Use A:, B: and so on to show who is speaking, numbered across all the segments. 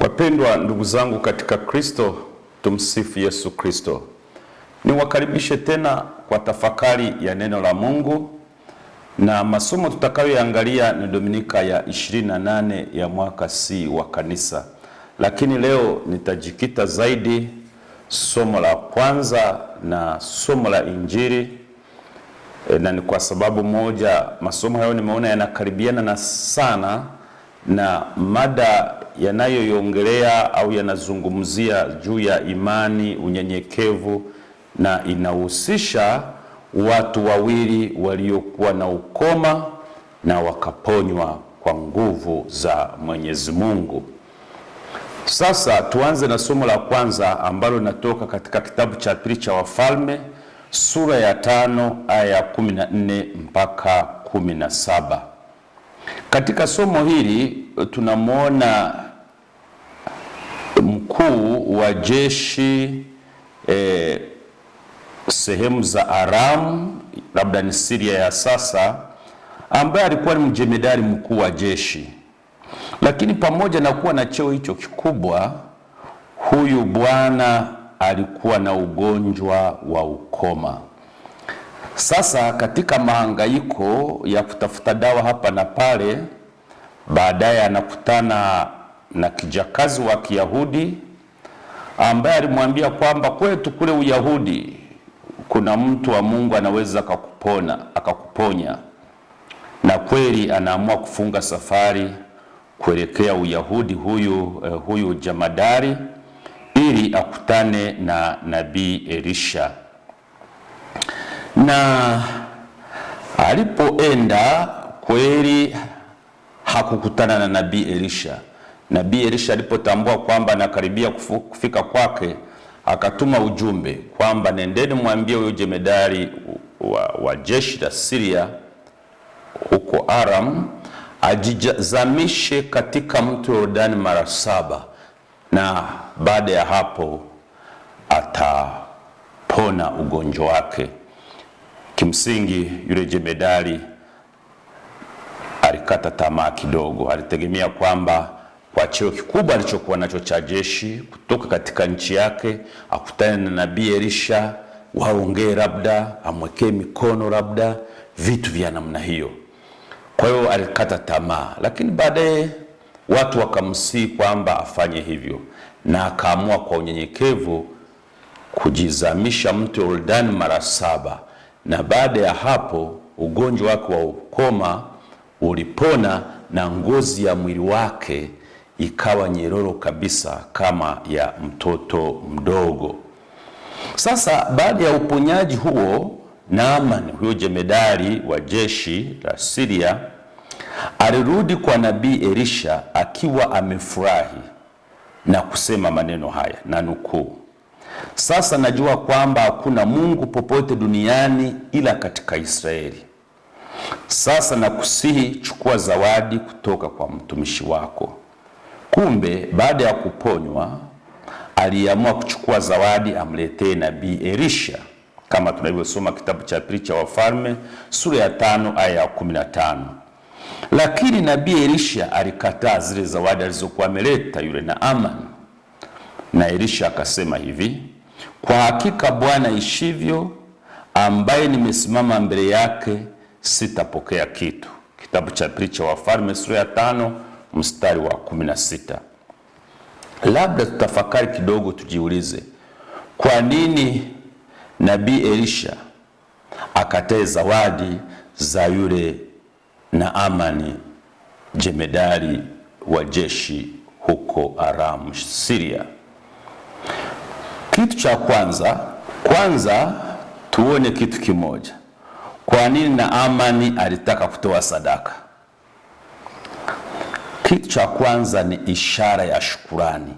A: Wapendwa ndugu zangu katika Kristo, tumsifu Yesu Kristo. Niwakaribishe tena kwa tafakari ya neno la Mungu na masomo tutakayoangalia ni Dominika ya 28 ya mwaka C wa kanisa lakini leo nitajikita zaidi somo la kwanza na somo la Injili e, na ni kwa sababu moja masomo hayo nimeona yanakaribiana na sana na mada yanayoiongelea au yanazungumzia juu ya imani, unyenyekevu na inahusisha watu wawili waliokuwa na ukoma na wakaponywa kwa nguvu za Mwenyezi Mungu. Sasa tuanze na somo la kwanza ambalo linatoka katika kitabu cha pili cha Wafalme sura ya tano aya ya kumi na nne mpaka kumi na saba. Katika somo hili tunamwona mkuu wa jeshi eh, sehemu za Aramu labda ni Siria ya sasa, ambaye alikuwa ni mjemedari mkuu wa jeshi lakini pamoja na kuwa na cheo hicho kikubwa, huyu bwana alikuwa na ugonjwa wa ukoma. Sasa katika mahangaiko ya kutafuta dawa hapa na pale, baadaye anakutana na kijakazi wa Kiyahudi ambaye alimwambia kwamba kwetu kule Uyahudi kuna mtu wa Mungu anaweza akakupona akakuponya, na kweli anaamua kufunga safari kuelekea Uyahudi huyu, uh, huyu jamadari ili akutane na nabii Elisha na alipoenda kweli hakukutana na nabii Elisha. Nabii Elisha alipotambua kwamba anakaribia kufika kwake, akatuma ujumbe kwamba nendeni, mwambie huyo jemedari wa, wa jeshi la Siria huko Aram ajizamishe katika mto Yordani mara saba, na baada ya hapo atapona ugonjwa wake. Kimsingi yule jemedari alikata tamaa kidogo, alitegemea kwamba kwa cheo kikubwa alichokuwa nacho cha jeshi kutoka katika nchi yake akutane na nabii Elisha, waongee labda, amwekee mikono labda, vitu vya namna hiyo. Kwa hiyo alikata tamaa, lakini baadaye watu wakamsii kwamba afanye hivyo, na akaamua kwa unyenyekevu kujizamisha mto Yordani mara saba, na baada ya hapo ugonjwa wake wa ukoma ulipona na ngozi ya mwili wake ikawa nyeroro kabisa kama ya mtoto mdogo. Sasa baada ya uponyaji huo Naaman huyo jemedari wa jeshi la Siria alirudi kwa nabii Elisha akiwa amefurahi na kusema maneno haya na nukuu, sasa najua kwamba hakuna Mungu popote duniani ila katika Israeli. Sasa nakusihi, chukua zawadi kutoka kwa mtumishi wako. Kumbe baada ya kuponywa aliamua kuchukua zawadi amletee nabii Elisha kama tunavyosoma kitabu cha pili cha Wafalme sura ya tano aya ya kumi na tano. Lakini nabii Elisha alikataa zile zawadi alizokuwa ameleta yule Naamani, na Elisha akasema hivi, kwa hakika Bwana ishivyo, ambaye nimesimama mbele yake sitapokea kitu. Kitabu cha pili cha Wafalme sura ya tano mstari wa kumi na sita. Labda tutafakari kidogo, tujiulize kwa nini Nabii Elisha akatae zawadi za yule Naamani jemedari wa jeshi huko Aram Syria. Kitu cha kwanza kwanza, tuone kitu kimoja. Kwa nini Naamani alitaka kutoa sadaka? Kitu cha kwanza ni ishara ya shukurani.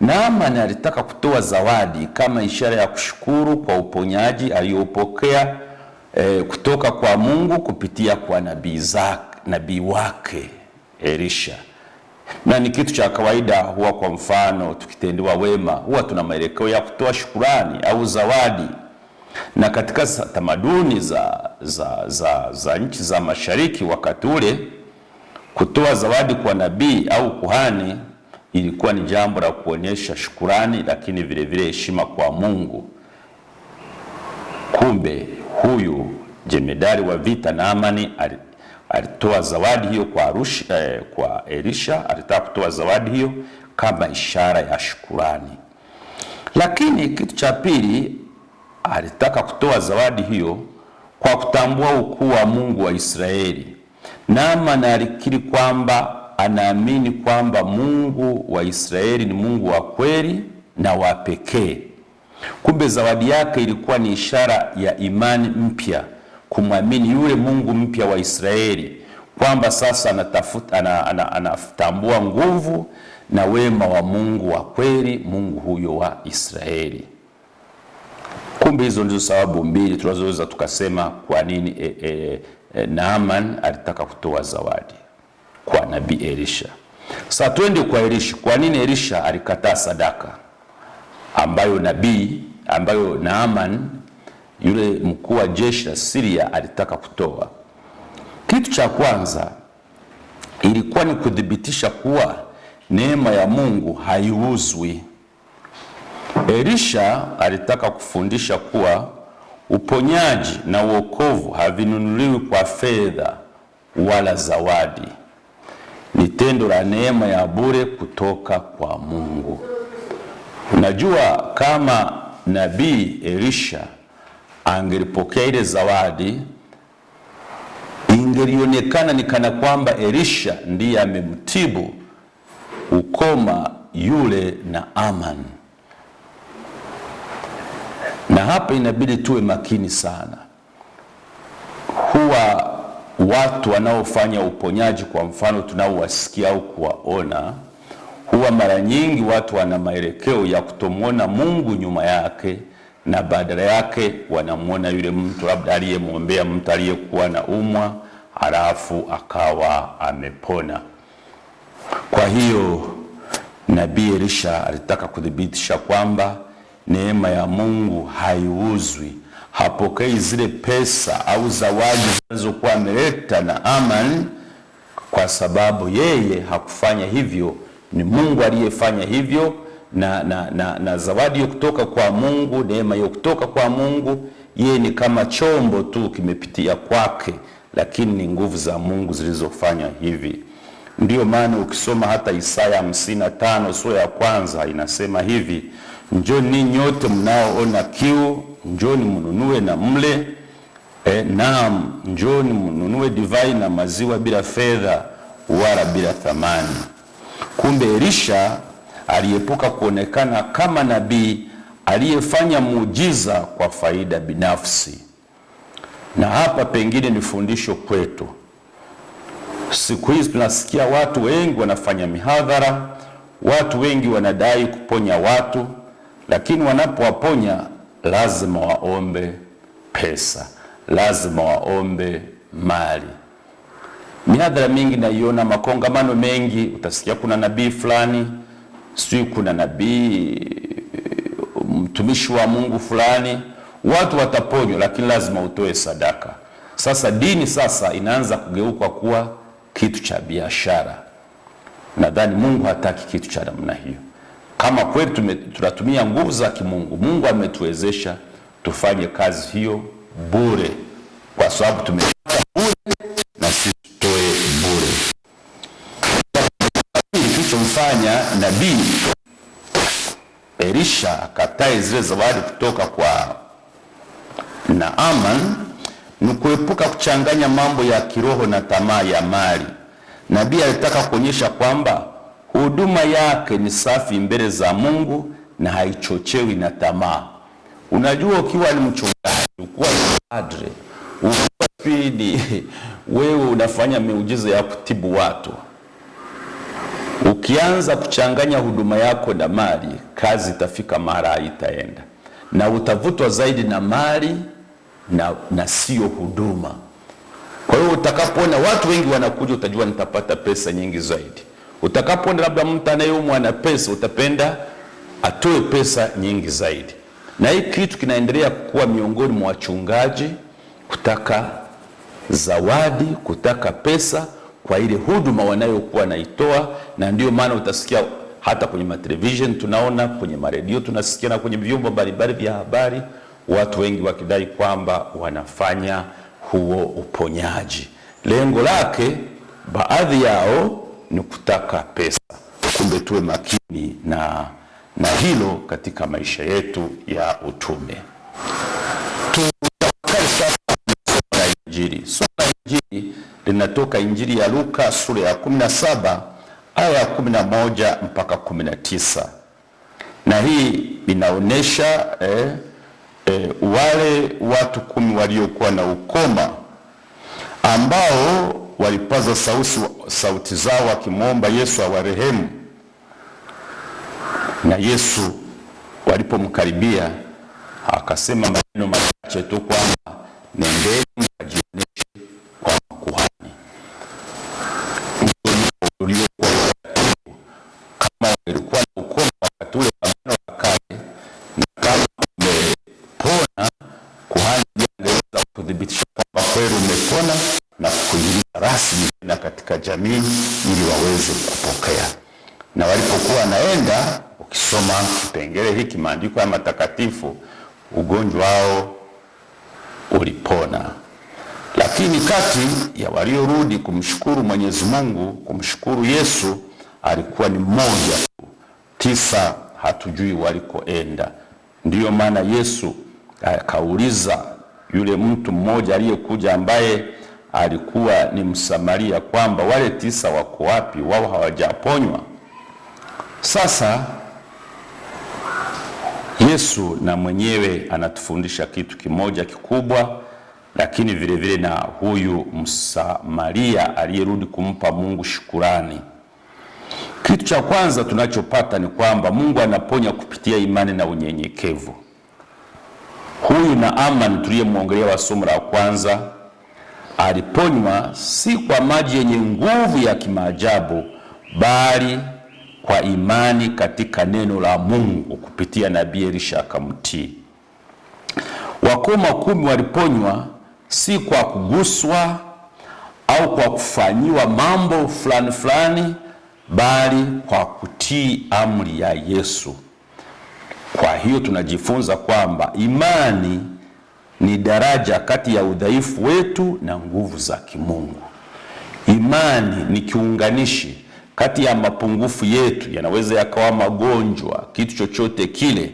A: Naamani alitaka kutoa zawadi kama ishara ya kushukuru kwa uponyaji aliyopokea e, eh, kutoka kwa Mungu kupitia kwa nabii nabii wake Elisha. Na ni kitu cha kawaida, huwa kwa mfano tukitendewa wema huwa tuna maelekeo ya kutoa shukurani au zawadi. Na katika tamaduni za, za, za, za nchi za mashariki wakati ule kutoa zawadi kwa nabii au kuhani ilikuwa ni jambo la kuonyesha shukurani, lakini vile vile heshima kwa Mungu. Kumbe huyu jemedari wa vita Naamani alitoa zawadi hiyo kwa Arusha, eh, kwa Elisha alitaka kutoa zawadi hiyo kama ishara ya shukurani. Lakini kitu cha pili alitaka kutoa zawadi hiyo kwa kutambua ukuu wa Mungu wa Israeli. Naamani alikiri kwamba anaamini kwamba Mungu wa Israeli ni Mungu wa kweli na wa pekee. Kumbe zawadi yake ilikuwa ni ishara ya imani mpya, kumwamini yule Mungu mpya wa Israeli kwamba sasa anatafuta anatambua ana, ana, nguvu na wema wa Mungu wa kweli, Mungu huyo wa Israeli. Kumbe hizo ndizo sababu mbili tunazoweza tukasema kwa nini e, e, e, Naaman alitaka kutoa zawadi kwa nabii Elisha. Sasa twende kwa Elisha. Kwa nini Elisha alikataa sadaka ambayo nabii ambayo Naaman yule mkuu wa jeshi la Siria alitaka kutoa? Kitu cha kwanza ilikuwa ni kuthibitisha kuwa neema ya Mungu haiuzwi. Elisha alitaka kufundisha kuwa uponyaji na uokovu havinunuliwi kwa fedha wala zawadi ni tendo la neema ya bure kutoka kwa Mungu. Unajua, kama nabii Elisha angelipokea ile zawadi, ingelionekana ni kana kwamba Elisha ndiye amemtibu ukoma yule na aman Na hapa inabidi tuwe makini sana, huwa watu wanaofanya uponyaji, kwa mfano tunaowasikia au kuwaona, huwa mara nyingi watu wana maelekeo ya kutomwona Mungu nyuma yake, na badala yake wanamwona yule mtu labda aliyemwombea mtu aliyekuwa na umwa, halafu akawa amepona. Kwa hiyo Nabii Elisha alitaka kuthibitisha kwamba neema ya Mungu haiuzwi hapokei zile pesa au zawadi zinazokuwa ameleta na Aman, kwa sababu yeye hakufanya hivyo. Ni Mungu aliyefanya hivyo, na, na, na, na zawadi hiyo kutoka kwa Mungu, neema hiyo kutoka kwa Mungu, yeye ni kama chombo tu kimepitia kwake, lakini ni nguvu za Mungu zilizofanya hivi. Ndiyo maana ukisoma hata Isaya 55 sura ya kwanza inasema hivi, njoo ninyi nyote mnaoona kiu njoni mnunue na mle. E, naam, njoni mnunue divai na maziwa bila fedha wala bila thamani. Kumbe Elisha aliepuka kuonekana kama nabii aliyefanya muujiza kwa faida binafsi. Na hapa pengine ni fundisho kwetu. Siku hizi tunasikia watu wengi wanafanya mihadhara, watu wengi wanadai kuponya watu, lakini wanapowaponya lazima waombe pesa, lazima waombe mali. Mihadhara mingi naiona, makongamano mengi, utasikia kuna nabii fulani, sijui kuna nabii mtumishi wa Mungu fulani, watu wataponywa, lakini lazima utoe sadaka. Sasa dini sasa inaanza kugeuka kuwa kitu cha biashara. Nadhani Mungu hataki kitu cha namna hiyo kama kweli tunatumia nguvu za kimungu, Mungu ametuwezesha tufanye kazi hiyo bure, kwa sababu tumepata bure na sisi tutoe bure. Kilichomfanya nabii Elisha akatae zile zawadi kutoka kwa Naaman ni kuepuka kuchanganya mambo ya kiroho na tamaa ya mali. Nabii alitaka kuonyesha kwamba Huduma yake ni safi mbele za Mungu na haichochewi na tamaa. Unajua, ukiwa ni mchungaji, ukiwa ni padre, ukiwa pidi, wewe unafanya miujiza ya kutibu watu, ukianza kuchanganya huduma yako na mali, kazi itafika mara haitaenda, na utavutwa zaidi na mali na, na sio huduma. Kwa hiyo utakapoona watu wengi wanakuja, utajua nitapata pesa nyingi zaidi. Utakapoenda labda mtu anayeumwa na pesa, utapenda atoe pesa nyingi zaidi, na hii kitu kinaendelea kuwa miongoni mwa wachungaji kutaka zawadi, kutaka pesa kwa ile huduma wanayokuwa naitoa na ndio maana utasikia hata kwenye matelevision tunaona, kwenye maredio tunasikia, na kwenye vyombo mbalimbali vya habari watu wengi wakidai kwamba wanafanya huo uponyaji. Lengo lake baadhi yao ni kutaka pesa. Kumbe tuwe makini na, na hilo katika maisha yetu ya utume. Tutafakari sasa somo la Injili. Somo la Injili linatoka Injili ya Luka sura ya 17 aya ya 11 mpaka 19, na hii inaonyesha eh, eh, wale watu kumi waliokuwa na ukoma ambao walipaza sauti, sauti zao wakimwomba Yesu awarehemu, na Yesu walipomkaribia akasema maneno machache tu kwamba nendeni Idadi ya waliorudi kumshukuru Mwenyezi Mungu, kumshukuru Yesu alikuwa ni moja tu, tisa hatujui walikoenda. Ndiyo maana Yesu eh, akauliza yule mtu mmoja aliyekuja ambaye alikuwa ni Msamaria kwamba wale tisa wako wapi? Wao hawajaponywa. Sasa Yesu na mwenyewe anatufundisha kitu kimoja kikubwa lakini vile vile na huyu Msamaria aliyerudi kumpa Mungu shukurani. Kitu cha kwanza tunachopata ni kwamba Mungu anaponya kupitia imani na unyenyekevu. Huyu Naamani tuliyemwongelea wa somo la kwanza aliponywa si kwa maji yenye nguvu ya kimaajabu, bali kwa imani katika neno la Mungu kupitia nabii Elisha akamtii. Wakoma kumi waliponywa si kwa kuguswa au kwa kufanyiwa mambo fulani fulani, bali kwa kutii amri ya Yesu. Kwa hiyo tunajifunza kwamba imani ni daraja kati ya udhaifu wetu na nguvu za kimungu. Imani ni kiunganishi kati ya mapungufu yetu, yanaweza yakawa magonjwa, kitu chochote kile,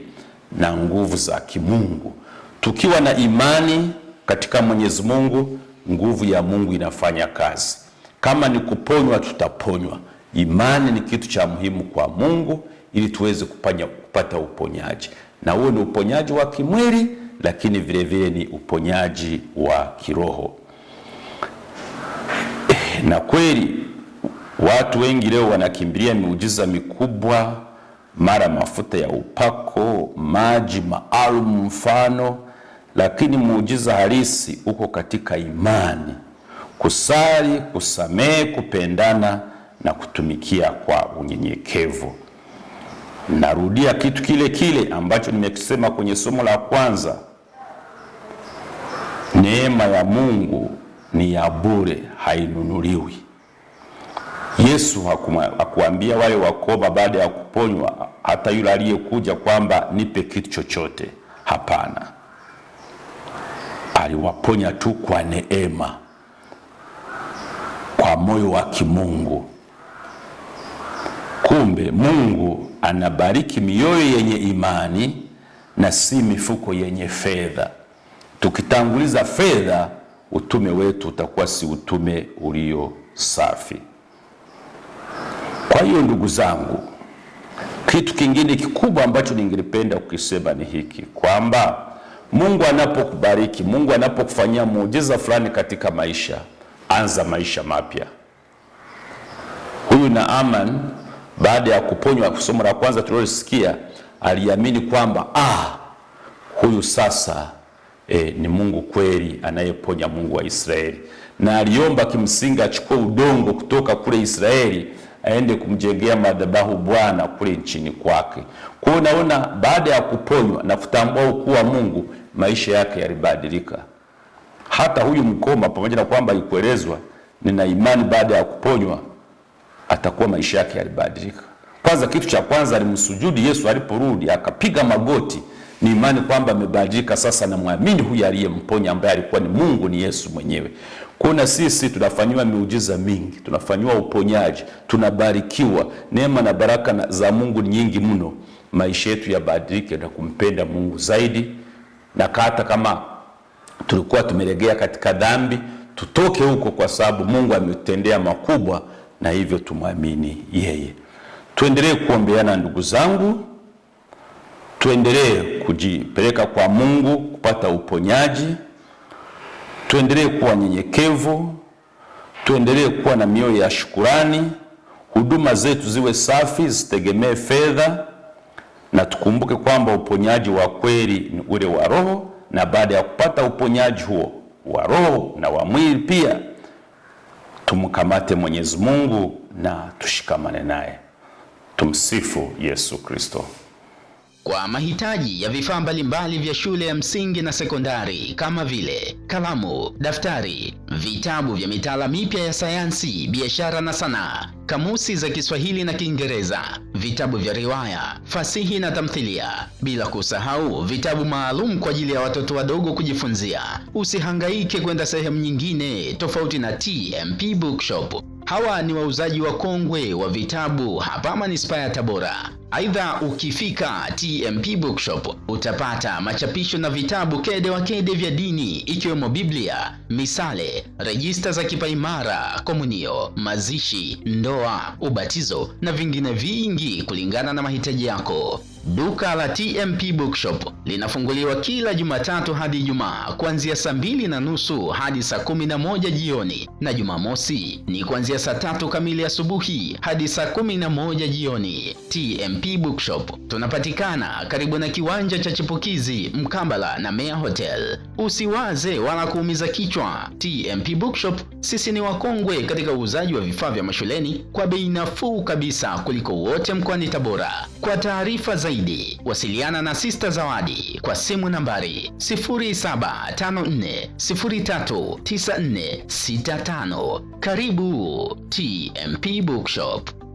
A: na nguvu za kimungu. Tukiwa na imani katika Mwenyezi Mungu nguvu ya Mungu inafanya kazi. Kama ni kuponywa, tutaponywa. Imani ni kitu cha muhimu kwa Mungu ili tuweze kupanya, kupata uponyaji, na huo ni uponyaji wa kimwili, lakini vile vile ni uponyaji wa kiroho. Eh, na kweli watu wengi leo wanakimbilia miujiza mikubwa, mara mafuta ya upako, maji maalum, mfano lakini muujiza halisi uko katika imani, kusali, kusamehe, kupendana na kutumikia kwa unyenyekevu. Narudia kitu kile kile ambacho nimekisema kwenye somo la kwanza. Neema ya Mungu ni ya bure, hainunuliwi. Yesu hakuambia wale wakoma baada ya kuponywa, hata yule aliyekuja kwamba nipe kitu chochote. Hapana aliwaponya tu kwa neema, kwa moyo wa kimungu. Kumbe Mungu anabariki mioyo yenye imani na si mifuko yenye fedha. Tukitanguliza fedha, utume wetu utakuwa si utume ulio safi. Kwa hiyo ndugu zangu, kitu kingine kikubwa ambacho ningelipenda kukisema ni hiki kwamba Mungu anapokubariki, Mungu anapokufanyia muujiza fulani katika maisha, anza maisha mapya. Huyu Naaman baada ya kuponywa, somo la kwanza tulilosikia, aliamini kwamba ah, huyu sasa eh, ni Mungu kweli anayeponya, Mungu wa Israeli, na aliomba kimsingi achukue udongo kutoka kule Israeli aende kumjengea madhabahu Bwana kule nchini kwake. Kwa hiyo unaona, baada ya kuponywa na kutambua ukuu wa Mungu, maisha yake yalibadilika. Hata huyu mkoma, pamoja na kwamba ikuelezwa, nina imani baada ya kuponywa atakuwa maisha yake yalibadilika. Kwanza, kitu cha kwanza alimsujudi Yesu, aliporudi akapiga magoti. Ni imani kwamba amebadilika sasa, namwamini huyu aliyemponya, ambaye alikuwa ni Mungu, ni Yesu mwenyewe. Kuna sisi tunafanyiwa miujiza mingi, tunafanyiwa uponyaji, tunabarikiwa. Neema na baraka za Mungu nyingi mno. Maisha yetu yabadilike na kumpenda Mungu zaidi na hata kama tulikuwa tumelegea katika dhambi, tutoke huko, kwa sababu Mungu ametutendea makubwa, na hivyo tumwamini yeye. Tuendelee kuombeana ndugu zangu, tuendelee kujipeleka kwa Mungu kupata uponyaji, tuendelee kuwa nyenyekevu, tuendelee kuwa na mioyo ya shukurani, huduma zetu ziwe safi, zitegemee fedha na tukumbuke kwamba uponyaji wa kweli ni ule wa roho, na baada ya kupata uponyaji huo wa roho na wa mwili pia tumkamate Mwenyezi Mungu na tushikamane naye. Tumsifu Yesu Kristo.
B: Kwa mahitaji ya vifaa mbalimbali vya shule ya msingi na sekondari kama vile kalamu, daftari, vitabu vya mitaala mipya ya sayansi, biashara na sanaa kamusi za Kiswahili na Kiingereza, vitabu vya riwaya, fasihi na tamthilia, bila kusahau vitabu maalum kwa ajili ya watoto wadogo kujifunzia. Usihangaike kwenda sehemu nyingine tofauti na TMP Bookshop. Hawa ni wauzaji wakongwe wa vitabu hapa manispaa ya Tabora. Aidha, ukifika TMP Bookshop utapata machapisho na vitabu kede wa kede vya dini ikiwemo Biblia, misale, rejista za kipaimara, komunio, mazishi, ndoa, ubatizo na vingine vingi kulingana na mahitaji yako. Duka la TMP Bookshop linafunguliwa kila Jumatatu hadi Ijumaa kuanzia saa mbili na nusu hadi saa kumi na moja jioni na Jumamosi ni kuanzia saa tatu kamili asubuhi hadi saa kumi na moja jioni. TMP DP Bookshop. Tunapatikana karibu na kiwanja cha Chipukizi mkambala na Mea Hotel. Usiwaze wala kuumiza kichwa. TMP Bookshop, sisi ni wakongwe katika uuzaji wa vifaa vya mashuleni kwa bei nafuu kabisa kuliko wote mkoani Tabora. Kwa taarifa zaidi, wasiliana na Sista Zawadi kwa simu nambari 0754039465. Karibu TMP Bookshop.